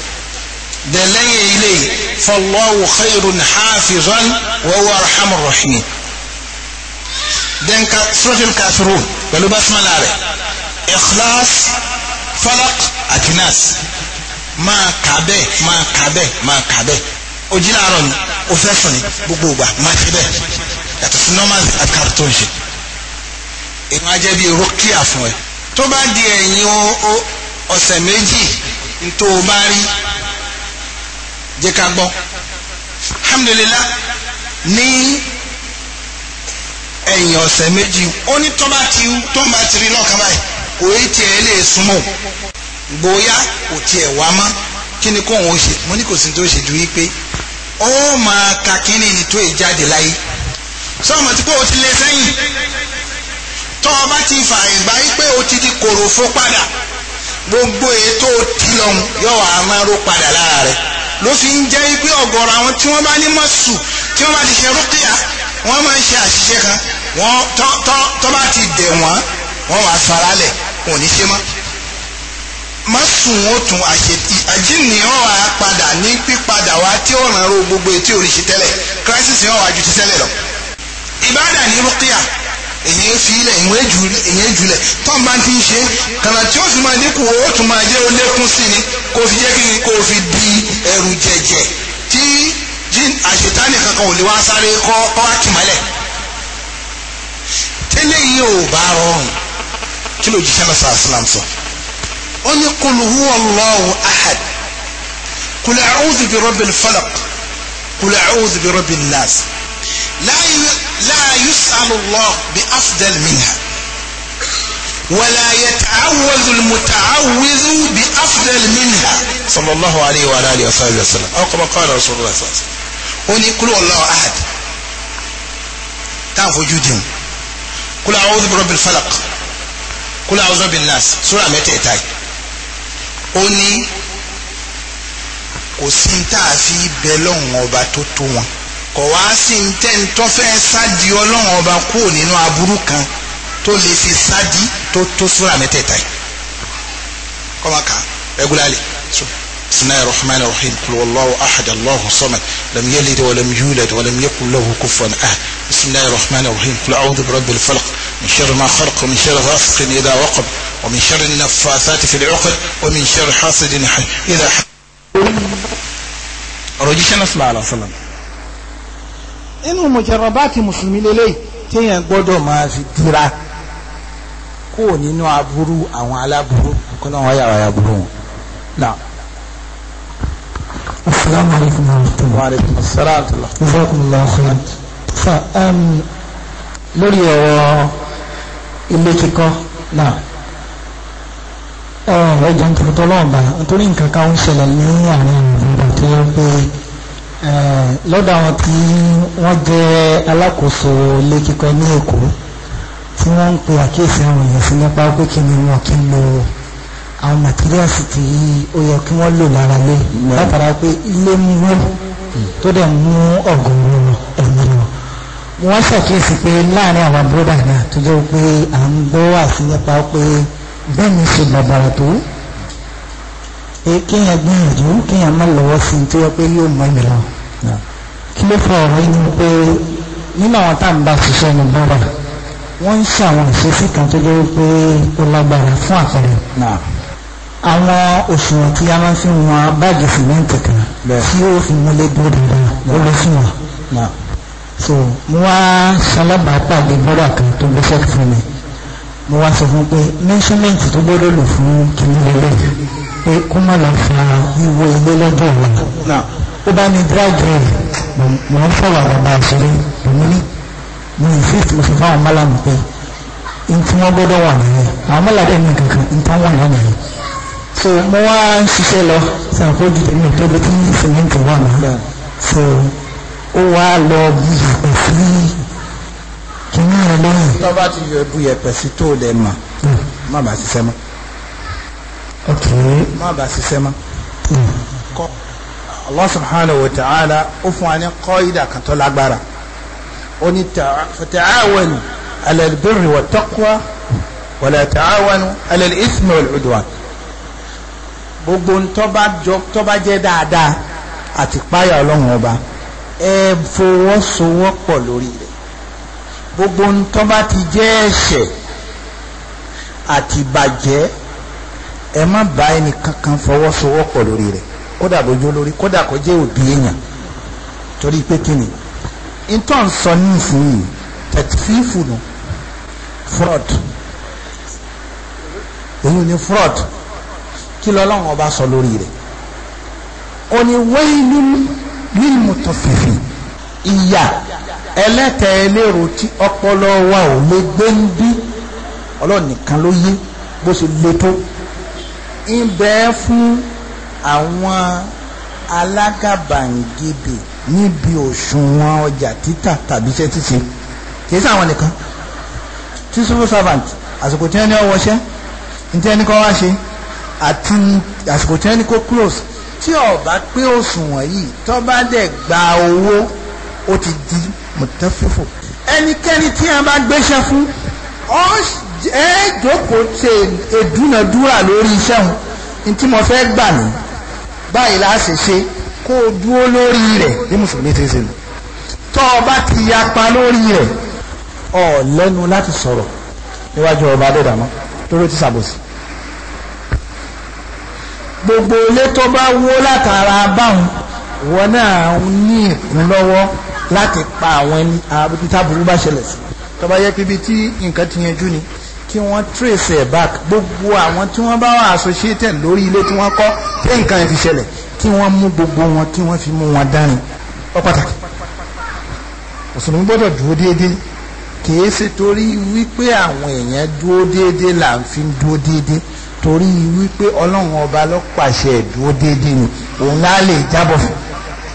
دلة إليه فالله خير حافظا وهو أرحم الراحمين دنك سورة الكافرون بلو بسم الله إخلاص فلق أتناس ما كابه ما كابه ما كابه ojí láàárọ̀ ni o fẹ́ sùn ni gbogbo ògbà máa ṣe bẹ́ẹ̀ yàtọ̀ sí normal adcap tó ń ṣe èèyàn á jẹ́ bí oró clear fún ẹ tó bá di ẹ̀yìn ọ̀sẹ̀ méjì tó o bá rí jẹ́ ká gbọ́ alhamdulillah ní ẹ̀yìn ọ̀sẹ̀ méjì ó ní tó bá ti tó bá ti rí lọ́kàn báyìí kò í tiẹ̀ lè súnmọ́ gbóyà kò tiẹ̀ wá mọ́ kí ni kóun ó ṣe mo ní kò sí tó ṣe ju wípé ó máa ka kínní ni tó ìjáde láyé sọ́ọ̀mọ̀ tí pé o ti lé sẹ́yìn tó o bá ti fà ìgbà yí pé o ti di kòròfó padà gbogbo ètò tìlọ̀hún yóò wá máa ró padà lára rẹ̀ ló fi ń jẹ́ pé ọ̀gọ̀rọ̀ àwọn tí wọ́n bá ní mọ̀sù tí wọ́n bá ti ṣe rúkìá wọ́n máa ń ṣe àṣìṣe kan tọ́ bá ti dẹ̀ wọ́n wọ́n wàá faralẹ̀ òní ṣe mọ́ má sùn ó tún àjíǹnì hàn wá padà ní pípadà wá tí ó ràn ró gbogbo etí oríṣi tẹ́lẹ̀ crisis hàn wá ju ti tẹ́lẹ̀ lọ. ìbádà ní rúkìá èyí fi ilẹ̀ èyí jùlẹ̀ tó ń bá ti ń ṣe kànáà tí ó fi máa dínkù ó tún máa jẹ́ olékún sí ni kó fi jẹ́ kí ni kó fi di ẹrù jẹ̀jẹ̀ tí àṣetánì kankan ò lè wá sáré kọ́ ọ́ àkìmọ́lẹ̀ tẹ́lẹ̀ yìí ò bá rọrùn kí ló jíṣẹ́ lọ́sàá islam sọ. So. قل قل هو الله احد قل اعوذ برب الفلق قل اعوذ برب الناس لا لا يسال الله بافضل منها ولا يتعوذ المتعوذ بأفضل منها صلى الله عليه وعلى آله وصحبه وسلم أو كما قال رسول الله صلى الله عليه وسلم قل قل الله أحد تعرف وجودهم قل أعوذ برب الفلق قل أعوذ برب الناس سورة متى إتاك ó ní kò sí tá a fi bẹ lọ́hùn ọba tó tó wọn kò wá sí ń tẹ́ni tó fẹ́ sádi ọlọ́hùn ọba kúrò nínú aburú kan tó lè fi sádi tó tó súra mẹ́tẹ̀ẹ̀ta yìí kọ́mọ̀ká regularly so bisimilahi rahman rahim kul wallahu samad lam yalid wa yulad wa lam yakun lahu kufuwan rahman rahim kul rabbil falaq. من شر ما خلق ومن شر غاسق إذا وقب ومن شر النفاثات في العقد ومن شر حاسد إذا حسد رجيشنا صلى الله عليه وسلم inú mùjẹ̀rọ̀báàtì mùsùlùmí lélẹ́yìí téèyàn gbọ́dọ̀ máa fi dira kó nínú aburú àwọn aláburú kó náà wáyà wáyà burú wọn. asalaamu alaykum wa rahmatulah. wa aleykum asalaam wa rahmatulah. fa lórí ọ̀rọ̀ ilé kíkọ́ náà ẹ̀rọ ìjà ń tòótọ́ lọ́ọ̀bà nítorí nǹkan kan ń ṣẹlẹ̀ ní àwọn ìgbà tó yẹ pé lọ́dọ̀ àwọn tí wọ́n jẹ́ alákòóso ilé kíkọ́ ní Èkó tí wọ́n ń pe àkíyèsí àwọn èèyàn sí nípa pé kí ni wọn kí ń lo àwọn màtíríàsì tí ó yẹ kí wọ́n lò lára lé látara pé ilé mú tó dẹ̀ mú ọ̀gọ̀ọ̀rọ̀ ẹ̀mí lọ wọ́n ṣàkíyèsí pé láàrin àwọn bóódà náà tó jẹ́ pé à ń gbọ́ àti nípa pé bẹ́ẹ̀ ni ṣe bàbàrà tó pé kéèyàn gbìyànjú kéèyàn má lọ́wọ́ sí i tó yẹ pé yóò mọ ìmìlá kí ló fa ọ̀rọ̀ yìí ni pé nínú àwọn tá à ń bá ṣiṣẹ́ ní bọ́ọ̀bà wọ́n ń ṣe àwọn ìṣesí kan tó jẹ́ pé ó lágbára fún àpẹẹrẹ àwọn òṣùwọ̀n tí a máa fi wọn báàgì sìmẹ́ǹtì kan tí ó fi múlé dúró dáadáa ó lè so mo wá ṣalábàápàdé bọ́dà kan tó gbéṣẹ́ fún mi mo wá sọ fún pé mẹ́ṣọ́mẹ́ǹtì tó gbọ́dọ̀ lò fún kìnìún pé kó má lọ fa wíwo ilé lọ́jọ́ ìwà ó bá ní dráàgì rẹ̀ mo ń fọwọ́ àwọn ọba àṣírí mo ní mo insist mo sọ fáwọn mọ́làmù pé ntí wọ́n gbọ́dọ̀ wà nìyẹn àwọn mọ́làdé mi kankan ntí wọ́n wà nìyẹn so mo wá ń ṣiṣẹ́ lọ sàkójú tèmi tó bí tí sèmẹ́ǹtì wà náà so ó wá lọ bu yẹ̀pẹ̀ sí kìnnì rẹ̀ lẹ́yìn. tó bá ti bu yẹ̀pẹ̀ sí tó lẹ̀ mọ̀ má bàa ṣiṣẹ́ mọ́. ok má bàa ṣiṣẹ́ mọ́. kọ́ Allah subhanahu wa ta'ala ó fún wa ní kọ́ídà kan tó lágbára ó ní fata'awanu ala wa taqwa wala ta'awanu ala al udwan gbogbo ntọ́ba jẹ́ dáadáa àti páyà ọlọ́run ọba ẹ fọwọ́sowọ́pọ̀ lórí rẹ̀ gbogbo ń tó bá ti jẹ́ ẹ̀ṣẹ̀ àti bàjẹ́ ẹ má bá ẹnì kankan fọwọ́sowọ́pọ̀ lórí rẹ̀ kódà bójú lórí kódà kó jẹ́ òbí èèyàn torí pé kí ni ìtọ́ ń sọ ní ìsinyìí tẹ̀tífù nù fraud èyí ni fraud kí lọ́lọ́run ọba sọ lórí rẹ̀ ó ní wẹ́ẹ́lú nílùmọ̀tọ̀fìfì ìyà ẹlẹ́tẹ̀ẹ́lérò tí ọpọlọ wa ò lè gbé ń bí ọlọ́run nìkan ló yé bó ṣe le tó ń bẹ fún àwọn alágàbàǹgebè níbi òṣùwọ̀n ọjà títà tàbí iṣẹ́ títì kì í sáwọn nìkan tí civil servant àsìkò tí wọ́n ní ọwọ́ṣẹ́ ní tí wọ́n ní kọ́ wá ṣe àti àsìkò tí wọ́n ní kó close tí ọba pé òṣùwọ̀n yìí tọ́ba dẹ̀ gba owó ó ti di mọ̀tẹ́fífò ẹnikẹ́ni tí a bá gbéṣẹ́ fún ọ ẹ jókòó ṣe ìdúnadúrà lórí iṣẹ́ wọn ní tí mo fẹ́ gbà ní báyìí láṣẹ ṣe kó o dúró lórí rẹ̀ ní mùsùlùmí ti ṣe nù tọ́ ọba ti yapa lórí rẹ̀ ọ̀ lẹ́nu láti sọ̀rọ̀ níwájú ọba adédàmọ́ torí ó ti ṣàbòsí gbogbo ilé tó bá wó látara báwọn wọn náà ní ìpín lọ́wọ́ láti pa àwọn ẹni àbúrú bá ṣẹlẹ̀ sí tó bá yẹ pé ibi tí nǹkan ti yanjú ni kí wọ́n trace ẹ̀ back gbogbo àwọn tí wọ́n bá wà associated lórí ilé tí wọ́n kọ́ tí nǹkan ẹ̀ fi ṣẹlẹ̀ kí wọ́n mú gbogbo wọn kí wọ́n fi mú wọn dání ọ pàtàkì mùsùlùmí gbọ́dọ̀ dúró déédéé kìí ṣe torí wípé àwọn èèyàn dúró déédéé là ń fi dúró déédéé torí wípé ọlọ́run ọba ló pàṣẹ ìdúró déédéé ni òun á lè jábọ̀ fún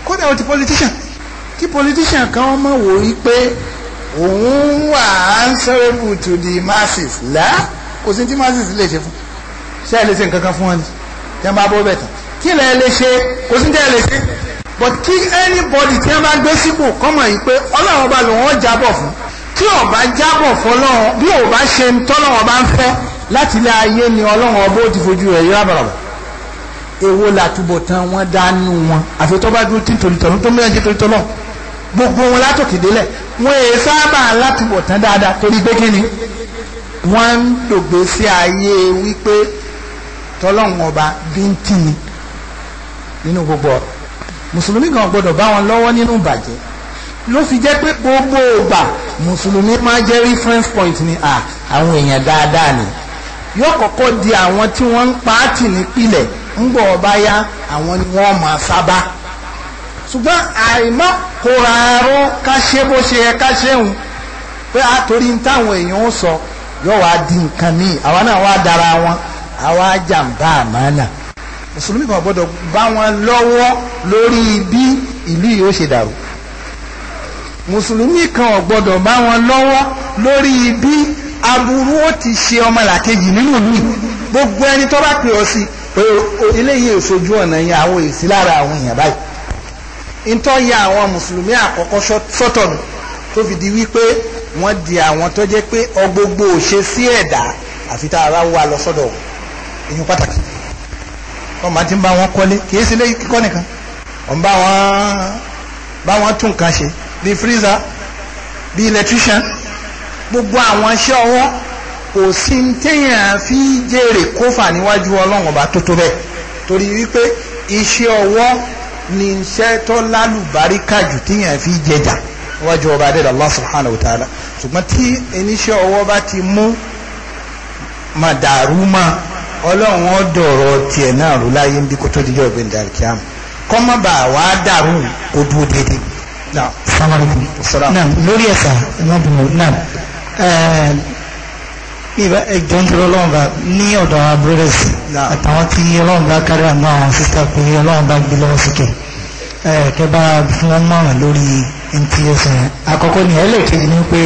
kódà ó politician kí politician kan ọmọ wò wípé òun wà answerable to the masses là kò sí tí masses lè ṣe fún ṣé ẹ lè ṣe nǹkan kan fún wọn ni tí wọn bá bọ́ bẹ̀ kí lẹ lè ṣe kò sí tí ẹ lè ṣe but kí anybody tí wọn bá gbé sípò kọ́mọ̀ yìí pé ọlọ́run ọba lòun ó jábọ̀ fún tí ọba jábọ̀ fọlọ́run bí ọba ṣe ń tọ́lọ́run ọba ń fẹ́ láti ilé ayé ni ọlọ́run ọbọ̀ ó ti fojú rẹ̀ yíra bàràbà èwo làtúbọ̀ tán wọ́n dánú wọn àfitọ́ bá dúró tí tòlítọ̀nù tó mìíràn jẹ́ tòlítọ̀nù gbogbo wọn látòkè délẹ̀ wọn èé sábà látúbọ̀ tán dáadáa torí pé kí ni wọ́n ń dògbé sí ayé wípé tọ́lọ́run ọba bíntì ni nínú gbogbo ọ̀rọ̀ mùsùlùmí kan gbọdọ̀ bá wọn lọ́wọ́ nínú ìbàjẹ́ ló fi jẹ́ pé gbogbo ìgbà mùsùlùmí máa jẹ́ reference point ni àwọn èèyàn dáadáa ni. yóò kọ́kọ́ di àwọn tí wọ́n ń paátì nípìlẹ̀ ńgbọ̀ ọba yá àwọn ni wọ́n máa sábà ṣùgbọ́n àìmọ́ kò rárọ́ ká ṣe bó ṣe yẹ ká ṣéhun pé a torí ń táwọn èèyàn ń sọ yóò wá di nǹkan míì àwa náà wá dára wọn àwa jàǹbá àmàlà. mùsùlùmí kan gbọdọ bá wọn lọ́wọ́ lórí bí ìlú yìí ó ṣe dàrú mùsùlùmí kan gbọdọ gbọ́dọ̀ bá wọn lọ́wọ́ lórí bí aburú ó ti ṣe ọmọ làkejì nínú mi gbogbo ẹni tó bá pè ọ sí eléyìí èsojú ọ̀nà yẹn àwọn èsì lára àwọn èèyàn báyìí ntọ́ ya àwọn mùsùlùmí àkọ́kọ́ sọ́tọ̀nù tó fi di wípé wọ́n di àwọn tó jẹ́ pé ọgbogbo ò ṣe sí ẹ̀dá àfi tá a bá wà lọ sọ́dọ̀ èyí pàtàkì wọ́n máa ti ń bá wọn kọ́lé kì í sí ilé kíkọ́ nìkan wọ́n bá wọn bá wọn tún nǹkan ṣe bíi freezer bíi electrician gbogbo àwọn iṣẹ́ ọwọ́ kò sí téèyàn fi jèrè kófà níwájú ọlọ́run ọba tó tó bẹ́ẹ̀ torí wípé iṣẹ́ ọwọ́ ni iṣẹ́ tó lálùbáríkà jù téèyàn fi jẹjà níwájú ọba adẹ́dàá Allah subhanahu wa ta'ala ṣùgbọ́n tí oníṣẹ́ ọwọ́ bá ti mú màdàrú mọ́ ọlọ́run ọ̀dọ̀rọ̀ tiẹ̀ náà rú láyé ń bí kó tó di ọ̀gbẹ́ ìdàrí kọ́mọ́bà wà á dàrú kó dúró déédéé. Assalamu alaikum. lórí ẹ̀sà ẹ̀mọ́bìnrin náà ìbá ẹjọ́ ń dúró ọlọ́run bá ní ọ̀dọ̀ àwọn brothers àtàwọn tí ọlọ́run bá kárí àmọ́ àwọn sísá pé ọlọ́run bá gbé lọ́wọ́ sókè kẹba fún wọn mọ̀ràn lórí ntí ẹsẹ̀ àkọ́kọ́ ni ẹlẹ́ẹ̀kejì ni pé